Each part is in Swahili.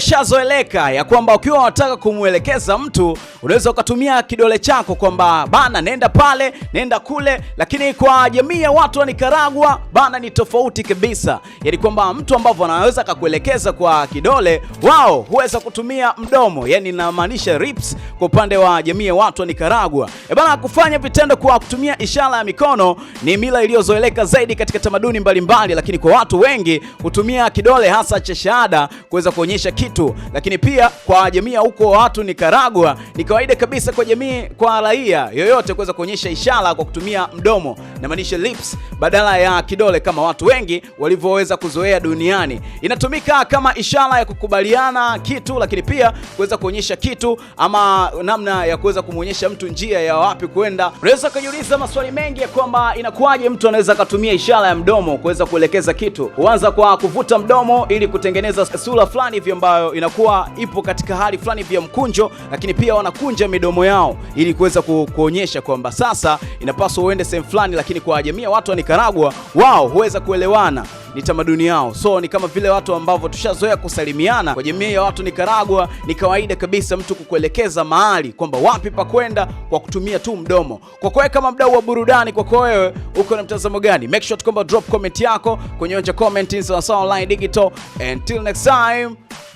Shazoeleka ya kwamba ukiwa unataka kumwelekeza mtu unaweza ukatumia kidole chako kwamba bana, nenda pale, nenda kule, lakini kwa jamii ya watu wa Nicaragua bana ni tofauti kabisa, yani kwamba mtu ambavyo anaweza akakuelekeza kwa kidole, wao huweza kutumia mdomo, yani inamaanisha lips kwa upande wa jamii ya watu wa Nicaragua. E bana, kufanya vitendo kwa kutumia ishara ya mikono ni mila iliyozoeleka zaidi katika tamaduni mbalimbali mbali, lakini kwa watu wengi hutumia kidole hasa cha shahada kuweza kuonyesha kitu. Lakini pia kwa jamii ya huko watu nikaragua ni kawaida kabisa kwa jamii, kwa raia yoyote kuweza kuonyesha ishara kwa kutumia mdomo, namaanisha lips, badala ya kidole kama watu wengi walivyoweza kuzoea duniani. Inatumika kama ishara ya kukubaliana kitu, lakini pia kuweza kuonyesha kitu ama namna ya kuweza kumwonyesha mtu njia ya wapi kwenda. Unaweza kujiuliza maswali mengi ya kwamba inakuwaje mtu anaweza akatumia ishara ya mdomo kuweza kuelekeza kitu. Huanza kwa kuvuta mdomo ili kutengeneza sura fulani hivi ambayo ambayo inakuwa ipo katika hali fulani vya mkunjo, lakini pia wanakunja midomo yao ili kuweza kuonyesha kwamba sasa inapaswa uende sehemu fulani, lakini kwa jamii ya watu wa Nicaragua wao huweza kuelewana ni tamaduni yao, so ni kama vile watu ambavyo tushazoea kusalimiana. Kwa jamii ya watu Nicaragua ni kawaida kabisa mtu kukuelekeza mahali kwamba wapi pa kwenda kwa kutumia tu mdomo. Kwa wewe kama mdau wa burudani, kwa wewe uko na mtazamo gani? Make sure tukomba drop comment yako kwenye onja comment sawasawa online digital. Until next time.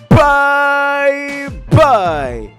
Bye bye.